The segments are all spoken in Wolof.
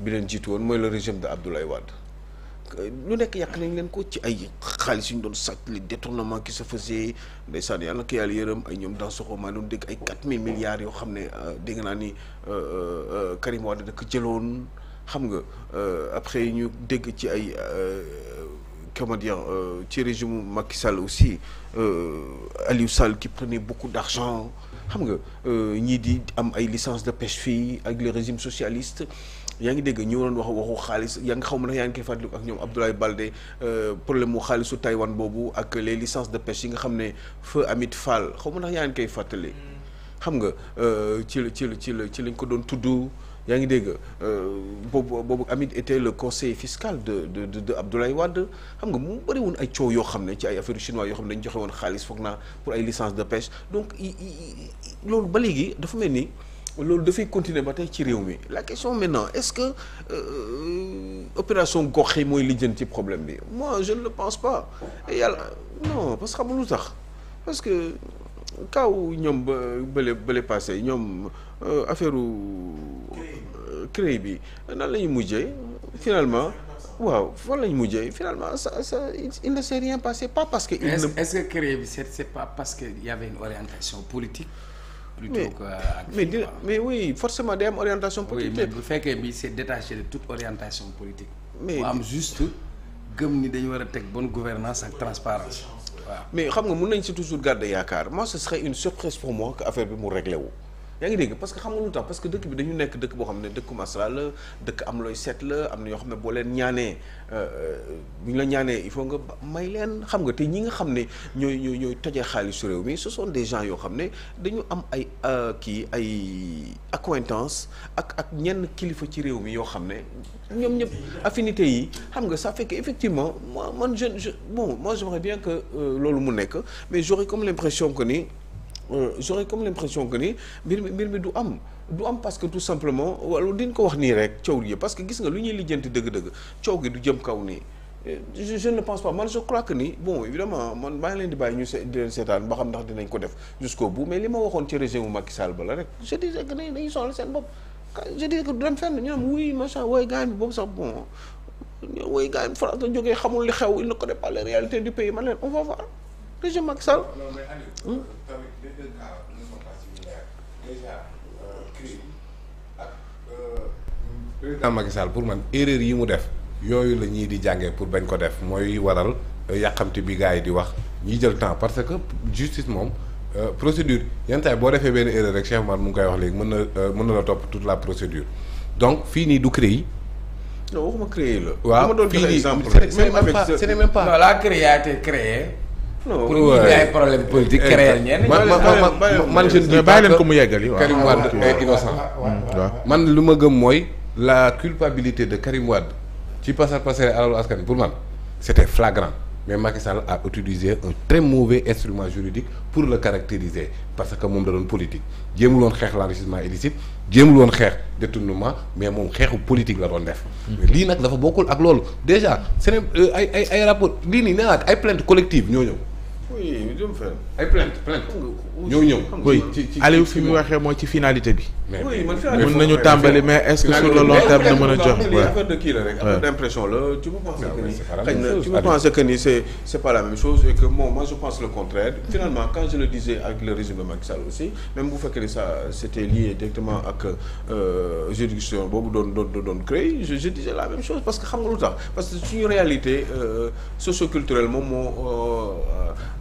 bi leen jiitu woon mooy le régime de Abdoulaye Wade lu nekk yàq nañ leen ko ci ay xaalis yu ñu doon sàcc li détournement qui se faisait ndeysaan yàlla ki yàlla yërëm ay ñoom dans soxo maa doon dégg ay 4000 milliards yoo xam ne euh, dégg naa ni euh, euh, Karim Wade da ko jëloon xam nga après ñu dégg ci ay comment dire ci régime Macky Sall aussi Aliou Sall qui prenait beaucoup d'argent xam nga ñii di am ay licence de pêche fii ak le régime socialiste yaa ngi dégg ñu doon wax waxu xaalis yaa ngi xaw ma yaa ngi koy fàttaliku ak ñoom Abdoulaye Baldé euh, problème mu xaalisu Taïwan boobu ak les licences de pêche yi nga xam ne feu Amit Fall xaw ma ndax yaa ngi koy fàttali. xam nga euh, ci la ci la ci la ci lañ ko doon tudd yaa ngi dégg euh, boobu boobu Amit était le conseiller fiscal de de de de Abdoulaye xam nga mu bëri woon ay coow yoo xam ne ci ay affaires chinois yoo xam ne dañ joxe woon xaalis foog naa pour ay licences de pêche donc loolu ba léegi dafa mel loolu dafay continuer ba tey ci réew mi la question maintenant est-ce que euh, opération gox yi mooy lijjën ci problème bi moi je ne le pense pas yàlla non parce que xamul lu tax parce que kaw ñoom ba bële bële passé ñoom euh, affaire euh, CREI bi nan la ñu mujjee finalement. waaw fan lañ mujjee finalement sa sa il ne s'est rien passé pas parce que. il ne est-ce que CREI bi c'est pas parce que y avait une orientation politique. plutôt mais euh, mais, mais oui forcément day am orientation politique. bu fekkee bi c'est détaché de toute orientation politique. mais am juste gëm ni dañu war a teg bonne gouvernance ak transparence waaw. mais xam nga mun nañ si toujours garder yaakaar moi ce une surprise pour moi affaire bi mu réglé wu. yaa ngi dégg parce que xam nga lu tax parce que dëkk bi dañu nekk dëkk boo xam ne dëkk masra la dëkk am looy seet la am na yoo xam ne boo leen ñaanee euh, euh, bu ñu la ñaanee il faut nga may leen xam nga te ñi nga xam ne ñooy ñooy ñooy tojee xaalisu réew mi ce sont des gens yoo xam ne dañu am ay euh, kii ay accointance ak ak ñenn kilifa ci réew mi yoo xam ne ñoom ñëpp affinité yi xam nga ça fait effectivement moi man je je bon moi j'aimerais bien que loolu mu nekk mais j'aurais comme l'impression que ni Euh, j'aurais comme l'impression que ni mbir mi mbir mi du am du am parce tout simplement wala diñ ko wax nii rek coow li parce que gis nga lu ñuy lijjanti dëgg-dëgg coow gi du jëm kaw nii euh, je je ne man je crois que ni bon évidemment man maa ngi leen di bàyyi ñu seetaan ba xam ndax dinañ ko def jusqu'au bout mais li ma waxoon ci régime mu Macky Sall ba la rek je disais que dañuy sonal seen bopp je disais que du dem fenn ñu ne wuy machin wooy gars bi boobu sax bon régime Macky Sall. non hmm? euh, euh, ak euh, président pour man erreur yi mu def yooyu la ñuy di jàngee pour bañ ko def mooy waral yàqamti bi gars yi di wax ñuy jël temps parce que justice moom procédure yenn saa boo defee benn erreur rek Cheikh Omar mu ngi koy wax léegi mën na mën na la topp toute la procédure donc fii nii du créé. non waxuma créé la. waaw fii nii c' est même pas c' est même pas. non la créé a été pour ñu indi ay problème politique créer ñenn. man man je ne dis pas bàyyi leen ko mu yeggali waaw Karim Wade est eh, innocent. Mm, man lu ma gëm mooy la culpabilité de Karim Wade ci passer passer alalu askan pour man c'était flagrant mais Macky Sall a utilisé un très mauvais instrument juridique pour le caractériser parce que moom da doon politique jéemul woon xeex l'enrichissement illicite jéemul woon xeex détournement mais moom xeexu politique la doon def. Mm. lii nag dafa bokkul ak loolu déjà c'est euh, ay ay ay rapport lii nii nee naa ay plainte collective ñoo ñëw. oui jëm fenn. ay plainte plainte. ñëw ñëw oui Aliou fi mu waxee mooy ci finalité bi. oui nañu tàmbali mais est-ce que sur le long terme na mën a jox. la rek affaire d'impression je pense le contraire. finalement quand je le disais avec le régime de Macky aussi même bu fekkee ni ça c'était lié directement ak euh, juridiction boobu doon doon doon je je la même chose parce que xam nga lu tax parce que suñu réalité euh, socioculturelle moom moo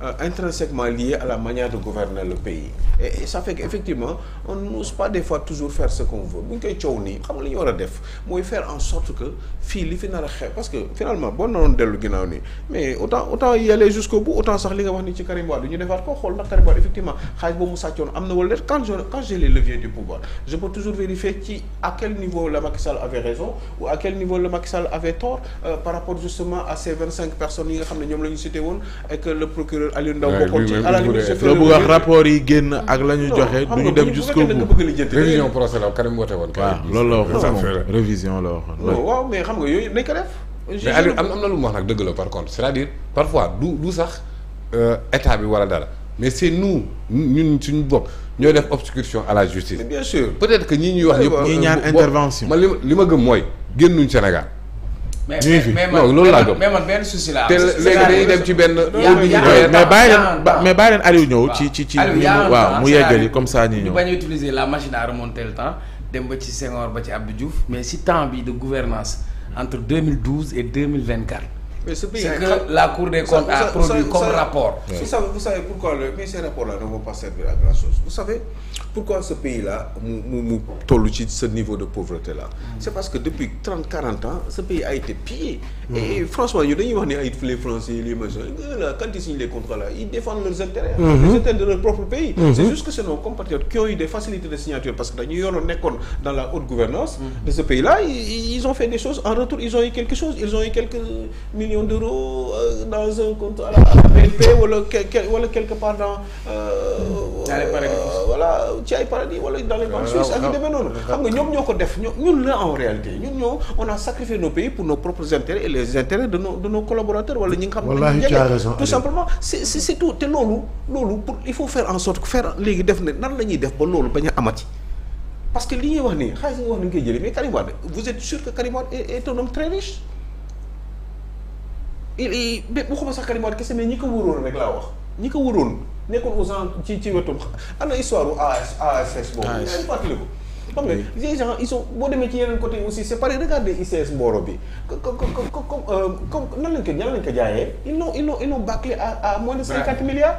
euh, intrinsèquement liée à la manière de gouverner. le pays et ça fait qu'effectivement on n'ose pas des fois toujours faire ce qu'on veut bu ñu koy coow nii xam nga li ñu war a def mooy faire en sorte que fii li fi nar a xew parce que finalement boo naroon dellu ginnaaw nii mais autant autant y aller jusqu'au bout autant sax li nga wax ni ci Karim Wade ñu defaat ko xool ndax Karim Wade effectivement xaalis boobu mu sàccoon am na wala déet quand je quand j'ai les leviers du pouvoir je peux toujours vérifier ci à quel niveau la Macky Sall avait raison ou à quel niveau la Macky Sall avait tort euh, par rapport justement à ces vingt cinq personnes yi nga xam ne ñoom la ñu cité woon et que le procureur Aliou Ndao bokkoon ci à la limite rapport yi génn ak la ñu joxe. ñu dem jusqu'au bout révision procès la Karim woote woon. waaw loolu xam nga yooyu nañ ko am na lu mu wax nag dëgg la par contre c'est-à-dire parfois du du sax euh, état bi wala dara mais c'est nous ñun suñu bopp ñoo def obstruction à la justice. bien sûr peut-être que ñii ñuy wax. ñëpp euh, ñi ñaan intervention man li ma li ma gëm mooy génnuñ Sénégal. mais mais man loolu laa gëm mais man benn souci laa. te léegi dañuy dem ci benn. mais bàyyi leen mais bàyyi leen Aliou ñëw. ci ci ci waaw mu yeggali comme ça ñu ñëw. la machine à remonter le temps dem ba ci Senghor ba ci Abdou Diouf mais si temps bi de gouvernance entre 2012 et 2024. mais ce pays c'est que la Cour des comptes a produit comme rapport. vous savez pourquoi mais ces rapports là ne vont servir à grand chose vous savez. pourquoi ce pays là mu mu mu ci ce niveau de pauvreté là hmm. c'est parce que depuis trente quarante ans ce pays a été pillé hmm. et franchement ñu dañuy wax ne ay les français les machins euh, là quand ils signent les contrats là ils défendent leurs intérêts hmm. les intérêts de leur propre pays c'est juste que c'est nos compatriotes qui ont eu des facilités de signature parce que dañu yoroon nekkoon dans la haute gouvernance de ce pays là ils ont fait des choses Euh, voilà ci ay paradis wala dans les banques suisses ak yu demee noonu xam nga ñoom ñoo ko def ñoo ñun la en réalité ñun ñoo on a sacrifié nos pays pour nos propres intérêts et les intérêts de nos de nos ñi nga xam ne tout simplement c'est c'est tout te loolu loolu pour il faut faire en sorte que léegi def ne nan la ñuy def ba loolu bañ a amati parce que li ñuy wax nii xaalis nga wax ni nga koy jëlee mais Karim Wade vous êtes sûr que Karim Wade est un homme très riche il il waxuma laa wax ñi ko waroon nekkoon aux gens ci ci wetum am na histoire u AS ASS boobu. AS ngeen fàttaliku. xam nga les gens ils sont boo demee ci yeneen côté aussi c'est pareil regardez ICS Mboro bi comme comme euh, comme nan lañ ko ñan lañ ko jaayee ils l'ont ils l'ont ils l'ont bâclé à à moins de cinquante milliards.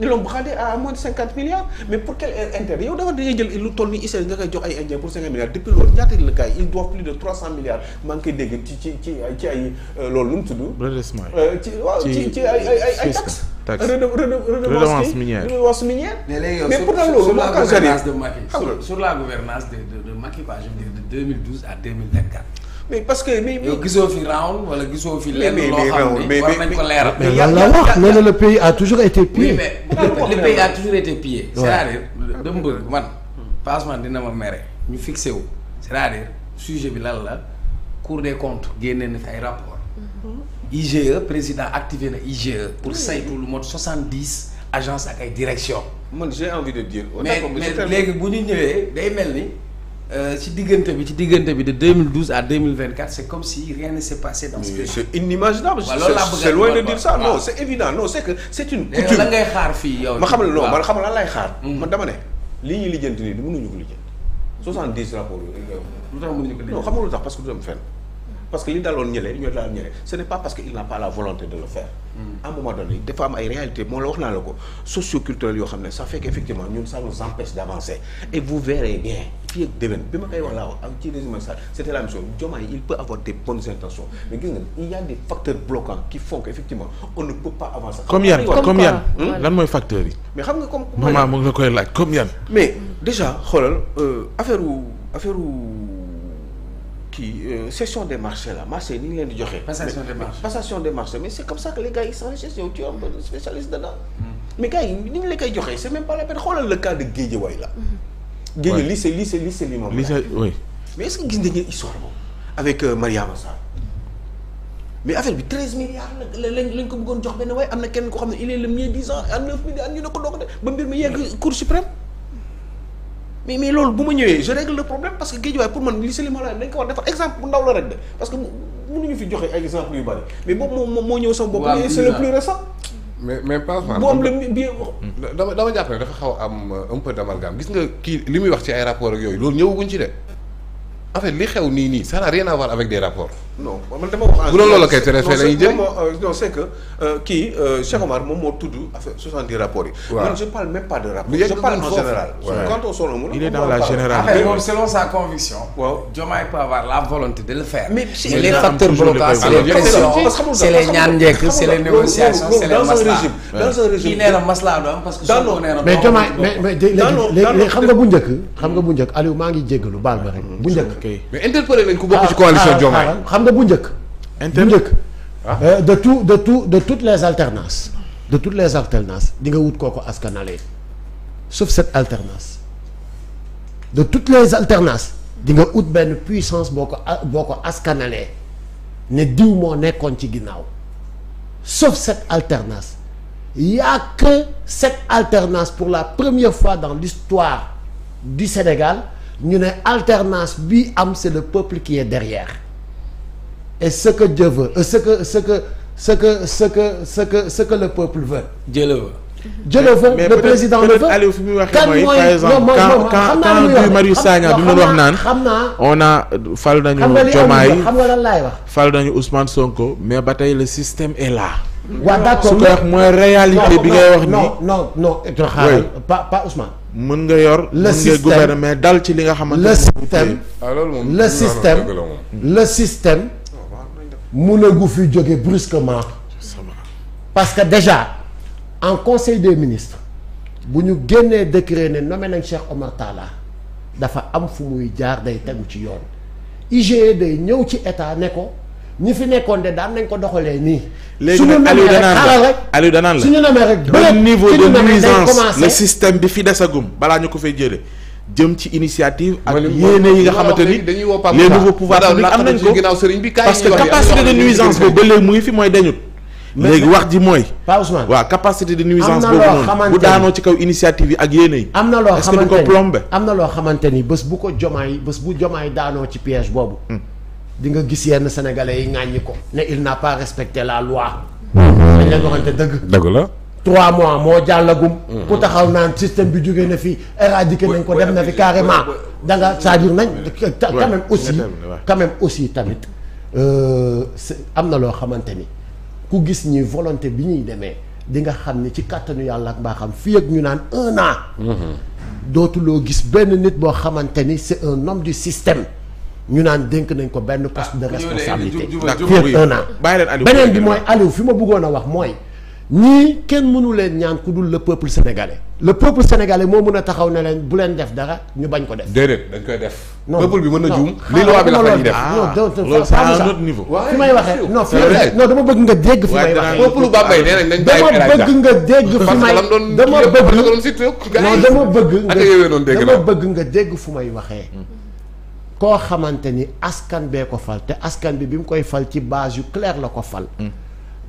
ils l'ont bradé à moins de cinquante milliards mais pour quel intérêt yow dafa dañuy jël lu toll ni ICS nga koy jox ay indien pour cinquante milliards depuis loolu ñaata la kaay ils doivent plus de trois cent milliards maa ngi koy dégg ci ci ci ci ay euh, loolu lu mu tudd. redressement euh, ci ay ay ay taxe redevance minière redevance minière. mais léegi yow sur sur la gouvernance de Macky sur sur la gouvernance de de de Macky je veux dire de 2012 à 2024. mais parce que mais yow gisoo fi round wala gisoo fi lenn loo xam ne war nañ ko leeral. mais lan la wax nee na le pays a toujours été pillé. mais le pays a toujours été pillé. c'est-à-dire dama bëgg man passement dina ma mere ñu fixé wu. c'est-à-dire sujet bi lan la Cour des comptes génne na fi ay rapport mm-hmm. IGE président activer na IGE. pour saytu lu mot soixante-dix agence ak ay direction man j'ai envie de dire. mais mais léegi bu ñu ñëwee day mel ni. Euh, ci diggante bi ci diggante bi de 2012 à 2024 c'est comme si rien ne s'est passé dans ce pays. c'est inimaginable. c'est loin de dire ça non c'est évident non c'est une coutume xaar fii yow. ma xam ne non man xam lan lay xaar. Hmm. man dama ne lii ñuy lijjanti nii lu tax mënuñu ko lijjanti non xam nga parce que li daloon ñële ñoo daal ñële ce n'est pas parce que il n'a pas la volonté de le faire mm. à un moment donné dafa ay réalité moo la wax naa la ko socioculturelle yoo xam ne ça fait qu'effectivement ñun ça nous empêche d'avancer et vous verrez bien fii ak déwén bi ma koy wax laa wax ak ci régime Sall c'était la mission Diomaye il peut avoir des bonnes intentions mais gis nga il y a des facteurs bloquants qui font qu'effectivement on ne peut kii cession euh, des marchés la marché ni ñu leen di passation des marchés mais c' comme ça que les yow tu es spécialiste dedans. Hmm. mais gars ni ñu la koy joxee c' est même la peine xoolal le cas de Guédiawaye la. Hmm. Guédiawaye lii c' est lii c' est lii c' est lii moom mais est ce que gis histoire moom avec euh, Mariama Sarr mais affaire bi treize milliards lañ ko bëggoon jox benn waaye am na kenn ko xam ne il est le mieux disant à neuf milliards ñu ne ko doog de ba mbir mais mais loolu bu ma ñëwee je règle le problème parce que Guédiawaye pour man li Salim Malang dañ ko war defar exemple bu ndaw la rek de parce que mënuñu fi joxe ay exemple yu bari mais boobu moom moo ñëw sama bopp. waaw mais mais pas mal. moom la bi dama dama jàpp ne dafa xaw am euh, un peu d'amalgame gis nga kii li muy wax ci ay rapport ak yooyu loolu ñëwaguñ ci de. en fait li xew nii nii ça n'a rien à avec des rapports. bu doon loolu kay traité la ñuy jëriñ non c' est euh, que euh, kii euh, Cheikh moom moo tudd affaire 70 yi. waaw man je pas de rapport. je parle en général. quand on sonne il est dans la généralité. moom selon sa conviction. mais parce que. daanoo mais mais mais léegi xam nga bu njëkk. xam nga bu njëkk Aliou maa ngi jéggalu baal ma rek mm-hmm. bu njëkk mais interpellé nañ ku bokk ci coalition ah, ah, Diomaye ah, xam nga bu njëkk. bu njëkk eh, de tout de tout de toutes les alternance de toutes les alternances dinga nga wut kooko askanale sauf cette de toutes les alternances di nga ut benn puissance boo ko boo ko askanalee ne diw moo nekkoon ci ginnaaw sauf cette alternance y a alternance pour la première fois dans l'histoire du Sénégal ñu ne alternance bi am c'est le peuple qui est derrière et ce que Dieu veut ce que ce que ce que ce que ce que ce que le peuple veut Dieu le veut jëlee fa le président le fa Aliou fi muy waxee mooy par exemple quand quand quand Marius bi mu wax naan on a fal nañu Diomaye fal nañu Ousmane Sonko mais ba tey le système est là. waaw d'accord su ko wax mooy réalité bi ngay wax. non non non xaaral pas mën nga yor mën nga gouvernement dal ci li nga xamante ne système ah, la système la système mun a gu fi jóge brusquement parce que déjà. en conseil des ministres bu ñu génnee décret ne nommé nañ Cheikh Omar Talla dafa am fu muy jaar day tegu ci yoon IGE day ñëw ci état ne ko ñi fi nekkoon de daan nañ ko doxalee nii. léegi nag Aliou danaan la Aliou danaan la su ñu namee rek xaaral rek suñu niveau de nuisance le système bi fi desagum balaa ñu ko fay jëlee. jëm ci initiative ak yéene yi nga xamante ni les nouveaux pouvoirs publics am nañ ko parce capacité de nuisance boobu ba mu ngi fi mooy dañut léegi wax ji mooy. Pa Ousmane waaw capacité de nuisance. boobu noonu bu daanoo ci kaw initiative yi ak yéene yi. am na loo xamante ni am na loo xamante ni bés bu ko jomaay bés bu jomaay daanoo ci piège boobu. Hmm. di nga gis yenn sénégalais yi ŋàññi ko. ne il n'a pas respecté la loi. Hmm. dañ leen waxante dëgg. dëgg la. trois mois moo jàllagum. Hmm. ku taxaw naan système bi jógee na fi éradiqué nañ ko dem na fi carrément da nga c'est-à-dire nañ. quand même aussi quand aussi tamit euh, am na loo xamante ni. ku gis ñi volonté bi ñuy demee di nga xam ni ci kàttanu yàlla ak mbaaxam fii ak ñu naan un an. Mm-hmm. dootuloo gis benn nit boo xamante ni c'est un nom du système ñu naan dénk nañ ko benn poste de ah, responsabilité fii ak un an beneen bi mooy Aliou fi ma buggoon a wax mooy ñii kenn mënu leen ñaan ku dul le peuple sénégalais le peuple sénégalais moo mën a taxaw ne leen bu leen def dara ñu bañ ko def. déedéet dañ koy def. peuple bi mën na juum. lii loi bi la fay def ah, loolu c'est un autre niveau. dama bëgg nga dégg fi may waxee. peuple Bambey nee nañ dañ bàyyi dama bëgg nga dégg fi may dama bëgg non dama bëgg nga bëgg nga dégg fu may waxee. koo xamante ni askan bee ko fal te askan bi bi mu koy fal ci base yu claire la ko fal. Mm.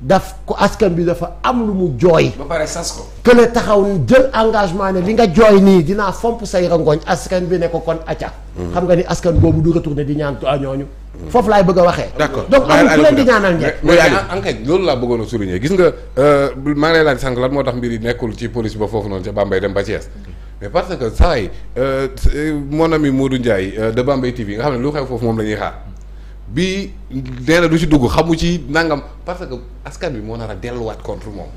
daf ko askan bi dafa am lu mu jooy. ba pare sas ko. que taxaw jël engagement ne li nga jooy nii dinaa fomp say rangooñ askan bi ne ko kon acca. xam nga ni askan boobu du ne di ñaan ñooñu. foofu laay bëgg a waxee. d'accord donc amul ku leen di ñaanal ñeent. bëggoon a gis nga euh, maa ngi lan moo tax mbir yi nekkul ci police ba foofu noonu ca Bambey dem ba Thiès. mais parce que saa yi euh, euh, mon ami Modou Ndiaye de Bambey TV nga xam ne lu xew foofu moom la ñuy xaar. bi nee na du ci dugg xamu ci nangam parce que askan bi moo nar a delluwaat contre moom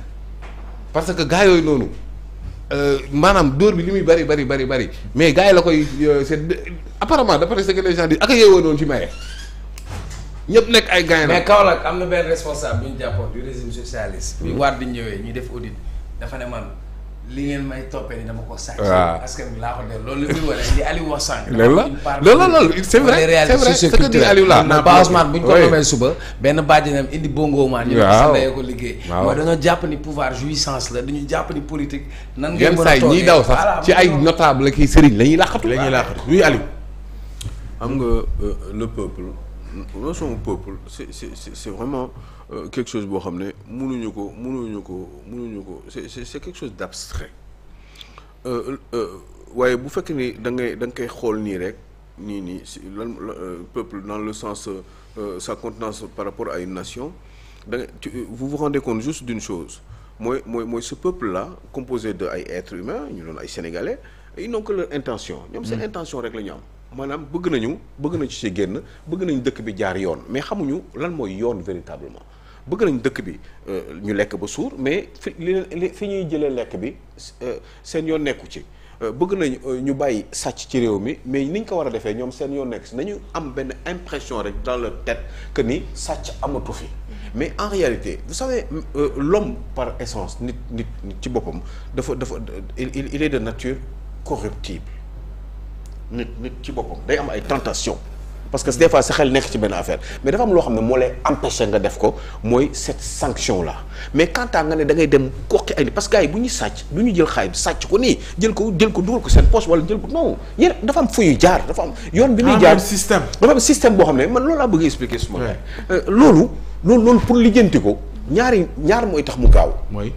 parce que gars yooyu noonu euh, maanaam dóor bi li muy bari bari bari bari mais gars yi la koy euh, c'est apparemment d'après ce que les gens ak a yeewoo noonu ci maye ñëpp nekk ay gaay mais Kaolack am na benn responsable bu ñu jàppoon du régime socialiste. bi war di ñëwee ñuy def audit dafa ne man. li ngeen may toppee ni dama ko sàcc. waaw askan bi laa ko delloo loolu li muy wane li Aliou wax sànq. loolu la loolu loolu c'est vrai c'est suba. benn bàjjenam indi bongo maan. ñu ne sa ko liggéey. waaw mooy jàpp ni pouvoir jouissance la dañu jàpp ni politique. nan ngeen a toogee yenn saa yi ñiy daw sax ci ay notable kii Serigne la ñuy laqatu. la ñuy laqatu oui xam nga euh, le peuple non son peuple c'est c'est c'est Euh, quelque chose boo xam ne munuñu ko mënuñu ko munuñu ko c'est c'est quelque chose d'abstrait euh, euh, waaye bu fekkee ni da ngay da koy xool nii rek nii nii si lan peuple dans le sens euh, sa contenance par rapport à une nation da nga vous vous rendez compte juste mooy mooy mooy ce peuple là composé de ay êtres humains ñu doon ay sénégalais ils n'ont que leur intention ñoom seen hmm. intention rek la ñu am maanaam bëgg nañu bëgg nañu ci génn bëgg nañu dëkk bi jaar yoon mais xamuñu lan mooy yoon véritablement bëgg nañ dëkk bi euh, ñu lekk ba suur mais fi li fi ñuy jëlee lekk bi euh, seen yoon nekku ci euh, bëgg nañ ñu bàyyi sàcc ci réew mi mais ni ñu ko war a defee ñoom seen yoon nekk si nañu am benn impression rek dans leur tête que ni sàcc amatu fi mais en réalité vous savez l'homme par essence nit nit ci boppam dafa dafa il est de nature corruptible nit nit ci boppam day am ay tentation parce que des fois sa xel nekk ci benn affaire mais dafa am loo xam ne moo lay empêcher nga def ko mooy cette sanction là mais quand nga ne da ngay dem koqi ay parce que gars yi bu ñuy sàcc du ñu jël xaalis sàcc ko nii jël ko jël ko dugal ko seen poche wala jël ko non yéen dafa am fu jaar dafa am yoon bi muy ah, jaar système dafa am système boo xam ne man loolu laa bëgg expliquer suma euh, loolu loolu loolu pour lijjanti ko ñaari ñaar mooy tax mu gaaw mooy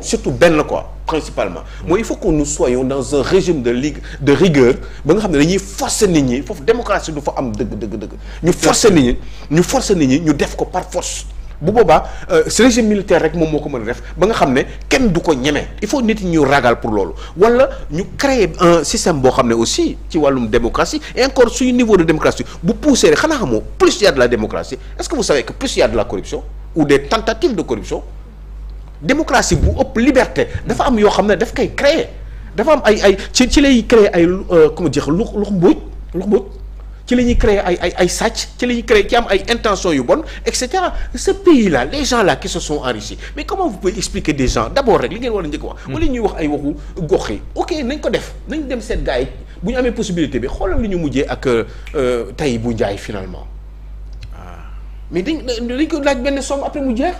surtout benn quoi principalement mooy il faut que nous soyons dans un régime de ligue de rigueur ba nga xam ne dañuy forcer nit ñi foofu démocratie du fa am dëgg dëgg dëgg ñu forcer nit ñi ñu forcer ñi ñu def ko par force bu boobaa euh, ce régime militaire rek moom moo ko mën a def ba nga xam ne kenn du ko ñeme il faut nit ñi ñu ragal pour loolu wala ñu créer un système boo xam ne aussi ci wàllum démocratie et encore suñu niveau de démocratie bu poussé rek xanaa xamoo plus y a la a de la corruption ou des tentatives de démocratie bu ëpp liberté dafa am yoo xam ne daf koy créer dafa am ay ay ci ci lay créer ay euh, comment dire lux lux mbuuj lux mbuuj ci la ñuy créer ay ay ay sàcc ci la ñuy créer ci am ay intentions yu bon et cetera ce pays là les gens là qui se sont enrichis mais comment vous pouvez expliquer des gens d' abord rek li ngeen war a njëkk wax. wala hmm. ñuy wax ay waxu gox yi ok nañ ko def nañ dem seet gars yi bu ñu amee possibilité bi xoolal li ñu mujjee ak tey bu njaay finalement ah. mais dañ dañ ko laaj benn somme après mu jeex.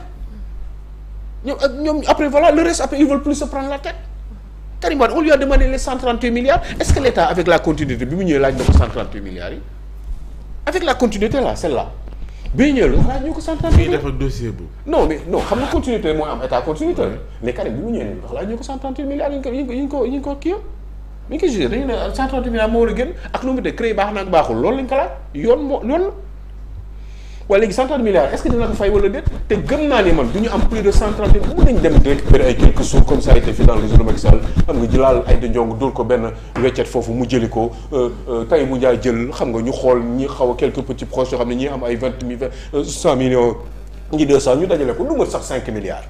ñoom ak ñoom après voilà le reste après ils veulent plus se prendre la tête Karim Wade on lui a demandé les 138 milliards est-ce que l'État avec la continuité bi mu ñëwee laaj na ko 138 milliards yi milliards def mais non xam nga continuité mooy am état continuité mais Karim bi mu ñëwee ne wax laaj ko 138 milliards yi ñu yi ñu ko yi ñu ko kii yëpp mi ngi ko jugé dañu ne 138 milliards moo war a ak lu mu de créé baax na ak baaxul loolu waaye léegi cent trente milliards est ce que dina ko fay wala déet te gëm naa ni man du ñu am plus de cent trente mën a nga jëlaal ay da njong ko benn weccet foofu mu jëli ko euh, euh, tay mu njaay jël xam nga ñu xool ñi xaw a quelques petits yoo xam ne ñi am ay vingt mille euh, cent millions ñi deux cent ñu dajale ko du mat sax cinq milliards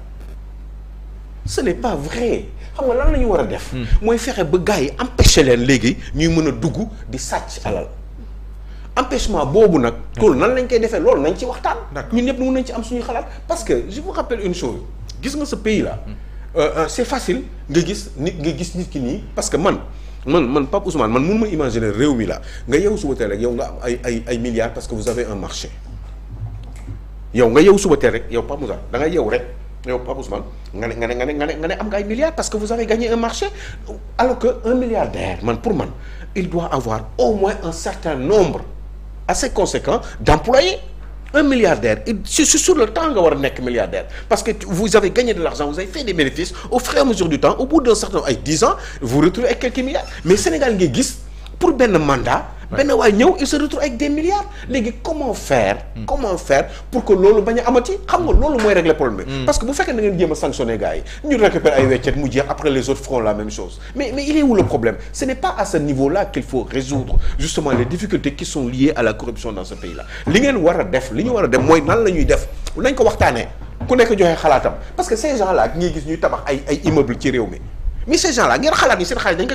ce n'est pas vrai xam lan la ñu war a def hmm. mooy fexe ba gars yi empêché leen léegi ñuy mën a dugg di sàcc alal empêchement boobu nag. loolu nan lañ koy defee loolu nañ ci waxtaan. ñun ñëpp mën nañ ci am suñu xalaat parce que je vous rappelle une chose gis nga sa pays là. Hmm. Euh, euh, c' est facile nga gis nit nga gis nit ki nii parce que man man man Pape Ousmane man mun ma imaginer réew mi la nga yeewu suba teel rek yow nga am ay ay ay milliards parce que vous avez un marché yow nga yeewu suba teel rek yow Pape Ousmane da nga yeewu rek. yow Pape Ousmane nga ne nga nga ne nga ay milliards parce que vous avez gagné un marché alors que un milliardaire man pour man il doit avoir au moins un certain nombre assez conséquent d'employer un milliardaire et c'est sur le temps nga war a nekk milliardaire parce que vous avez gagné de l'argent vous avez fait des bénéfices au fur à mesure du temps au bout d'un certain ay 10 ans vous retrouvez avec quelques milliards mais Sénégal ngay gis pour benn mandat benn waay ñëw il se retrouve avec des milliards léegi comment faire hmm. comment faire pour que loolu bañ amati xam nga hmm. loolu mooy régler problème hmm. parce que bu fekkee da ngeen jéem a sanctionner gars yi ñu récupérer ay weccet mu jeex après les autres feront la même chose mais il est où problème ce n'est pas à ce niveau là qu'il faut résoudre justement les difficultés qui sont liées à la corruption dans ce pays là li ngeen war a def li ñu war a def mooy waxtaanee ku nekk xalaatam parce que gis ñuy tabax ay ay immeuble ci réew mi xalaat ni seen dañ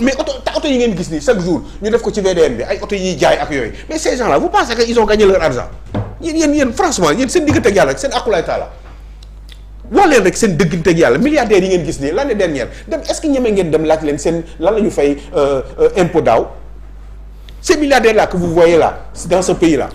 mais oto te oto yi ngeen gis nii chaque jour ñu def ko ci VDN bi ay oto yiy jaay ak yooyu mais ces gens là vous pensez que ils ont gagné leur argent yéen franchement yéen seen diggante ak yàlla seen akulaay taala wax leen rek seen dëggante yàlla milliardaires yi ngeen gis nii l'année dernière dem est-ce que ñeme ngeen dem laaj leen seen lan la fay euh, euh, impôt daaw ces milliardaires là que vous voyez là dans ce pays là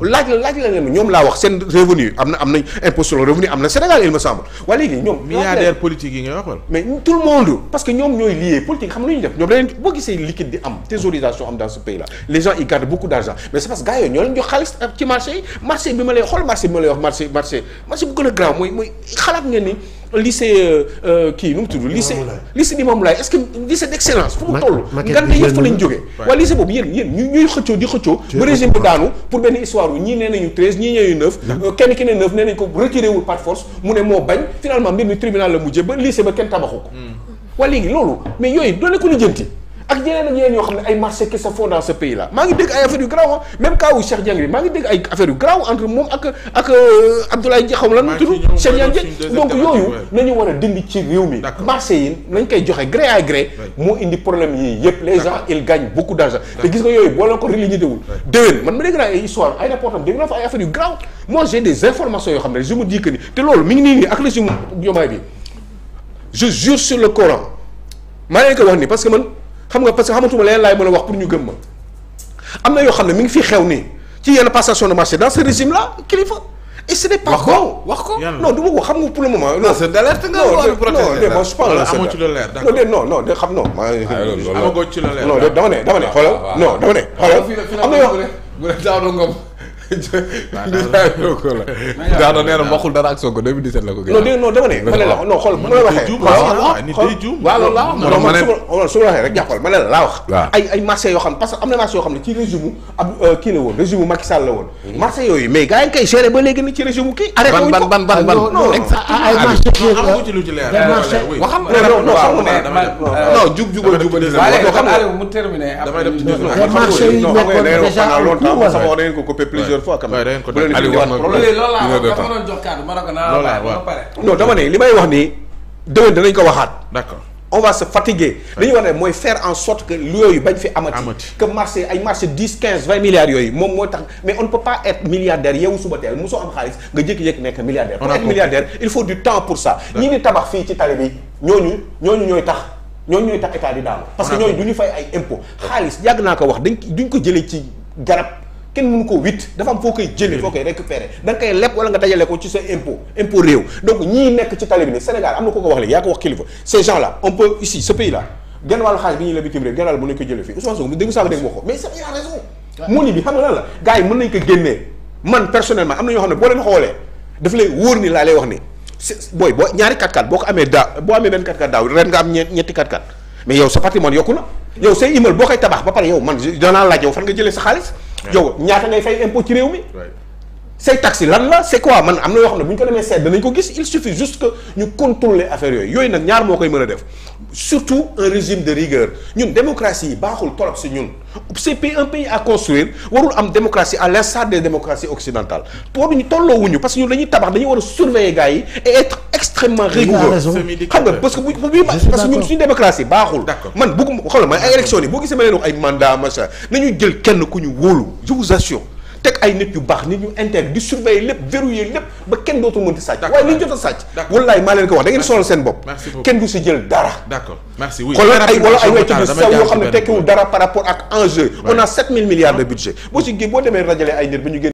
laaj la laaj la leen ñoom laa wax seen revenu am na am nañ impôt revenu am na Sénégal il me semble waaye léegi ñoom milliardaire politique yi ngay wax wala mais tout le monde parce que ñoom ñooy lié politique xam lu ñu def ñoom daleen boo gisee liquide di am thésaurisation am dans ce pays là les gens ils gardent beaucoup d' mais c'est parce que gars yooyu ñoo leen jox xaalis euh, ci marché yi marché bi ma lay xool marché bi ma lay marché marché marché bu gën a ni lycée euh, euh, kii nu mu tudd. lycée lycée bi moom laay est lycée d'excellence fu mu toll. ngante yëpp fa lañ jógee. waaw lycée boobu yéen yéen ñuy xëccoo di xëccoo. ba régime daanu pour benn histoire wu ñii nee nañu treize ñii nee nañu neuf. Euh, kenn ki ne neuf ko retiré wul mu ne moo bañ finalement mbir mi tribunal la mujjee ba lycée ba kenn tabaxu ko. Hmm. waa léegi loolu mais yooyu doone ko lijjanti ak yeneen ak yeneen yoo xam ne ay marché qui se font dans ce pays là maa ngi dégg ay affaire yu garaaw même cas wu Cheikh bi maa ngi dégg ay affaire yu garaaw mi marché yi koy joxe gré à gré moo indi problème yii yëpp les gens ils gagnent yooyu boo leen ko réligné wul déwén man ma dégg naa ay histoire ay rapportam dégg naa fa ay yoo xam ne je me dis que te loolu mi ngi nii nii ak régime Diomaye bi je sur le Coran maa leen koy wax ni que man xam nga parce que xamatuma leneen laay mën a wax pour ñu gëm ma am na yoo xam ne mi ngi fi xew nii ci yenn passation de marché dans ce régime là kilifa et ce n'est pas wax wax ko non du ko xam nga pour le moment. non ah, c'est d'alerte nga non je parle amoo ci la leer non de non non de xam non. Ah, ah, amagoo ci la leer non de dama ne dama ne xoolal non dama ne am na yoo bu dee daaw na ngom Sonko la daanaka nee na waxul dara ak Sonko 2017 la ko gën non non dama ne ma ne la non xool ma ne la waxee waaw loolu laa wax su ma waxee rek jàppal ma ne la laa wax ay ay marché yoo xam parce que am na marché yoo xam ne ci régime u ab euh, kii la woon régime u Macky Sall la woon hmm. marché yooyu mais gars yi koy géré ba léegi ni ci régime u kii arrêté ban ban ban ban ban ci lu ci leer waxam non jub jubal jubal mu terminé marché yi nekkoon déjà sama wax na ngeen ko coupé plusieurs plusieurs fois quand même. bu wax loolu laa jox kàddu ma ne non dama ne li may wax nii déwén danañ ko waxaat. on va fatiguer. li ñu war a def mooy faire en sorte que yooyu bañ fi amati. que marché ay marché dix quinze vingt milliards yooyu moom moo tax mais on ne peut pas être milliardaire yeewu suba teel mosoo am xaalis nga jékki-jékki nekk milliardaire. pour être milliardaire il faut du temps pour ça. ñi di tabax fii ci tali ñooñu ñooñu ñooy tax. ñooñu ñooy tax état di daanu. parce que ñooñu du ñu fay ay impôts. xaalis yàgg naa ko wax dañ duñ ko jëlee ci garab. kenn mënu ko witt dafa am foo koy jëlee foo koy récupérer da koy leb wala nga dajale ko ci sa impôt impôt réew donc ñii nekk ci tali bi Sénégal am na ko ko wax léegi yaa ko wax kilifa ces gens la bitim réew a raison mu ni bi xam nga lan la gars yi mën nañ ko génnee man personnellement am na ñoo xam ne boo leen xoolee daf lay wóor ni laa lay wax ni booy boo ñaari 4x4 boo ko amee daa boo amee benn 4x4 daaw ren nga am ñetti 4 x mais yow sa patrimoine yow ñaata ngay fay impôt ci réew mi. say taxes lan la c'est quoi man am na yoo xam ne bu ñu ko demee seet danañ ko gis il suffit juste que ñu contrôler affaire yooyu yooyu nag ñaar moo koy mën a def surtout un régime de rigueur ñun démocratie yi baaxul trop si ñun. c'est pays un pays à construire warul am démocratie à l'instar des démocraties occidentales pour ñu tolloowuñu parce que ñun dañuy tabax dañuy war a surveiller gars yi et être extrêmement rigoureux xam nga parce que bu bu parce que ñun suñu démocratie baaxul man bëgguma xam nga man ay élections yi boo gisee ma leen wax ay mandat machin nañu jël kenn ku ñu wóolu je teg ay nit yu baax nit ñu intègre di surveiller lépp verrouiller lépp ba kenn dootul mënti sàcc. waaye li ñu jot sàcc. wallaay maa leen ko wax da sonal seen bopp. kenn du si jël dara. d'accord merci oui. ay wala ay wecc yu sew xam ne tekkiwul dara par rapport ak enjeu. on a 7000 milliards de budget boo si gé boo demee rajale ay nit ba ñu génn